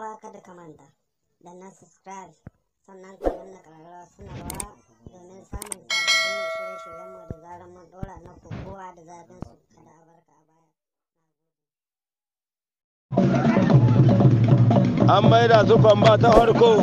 uwa da ka manta da na subscribe sannan ka danna ƙararrawa sanarwa domin samun sabbin shirye-shiryenmu da zarar mun ɗora na kowa da zafin su kada a barka a baya. An maida su kwamba ta farko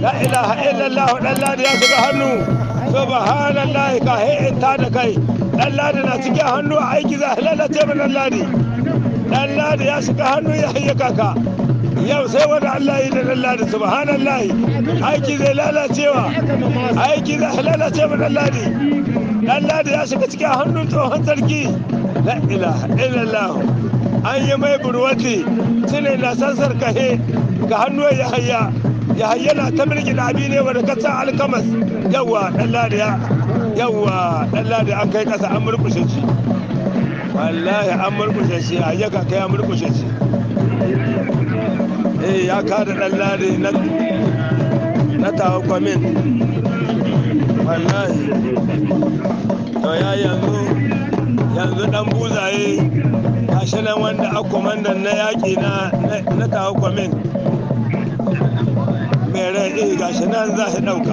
la ilaha illallah dan ladi ya shiga hannu subhanallah ka in ta da kai dan ladi na cikin hannu a aiki za a ce min dan ladi dan ladi ya shiga hannu ya hayyaka ka yau sai wani Allah yi da lallari subhanallahi aiki zai lalacewa aiki zai lalace mu lallari lallari ya shiga cikin hannun tsohon sarki la ilaha illallah an yi mai burwati sune na sansar kahe ga hannu ya hayya ya hayya na ta mulki da abi ne wanda kasa alkamas yawa lallari ya yawa lallari an kai kasa an murkushe shi wallahi an murkushe shi a yaka kai an murkushe shi eh ya kada dan lare na na tawo kwamin wallahi to ya yanzu yanzu dan buzaye gashi nan wanda a kwamandan na yaƙi na na tawo kwamin mai rai eh gashi nan za shi ɗauka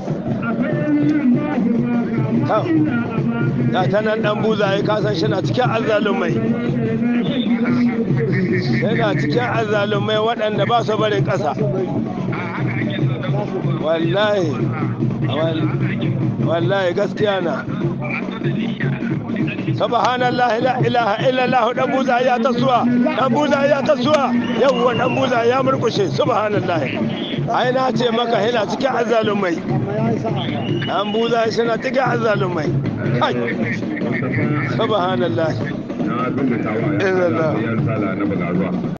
da ta nan dan buza ya kasan shi na cikin azalumai yana cikin azalumai waɗanda ba su barin ƙasa wallahi wallahi gaskiya na subhanallahi la ilaha allah dan buza ya tasuwa dan buza ya tasuwa yawwa dan buza ya murkushe subhanallahi ai na ce maka yana cike azalumai an buza shi na cike azalumai ai subhanallah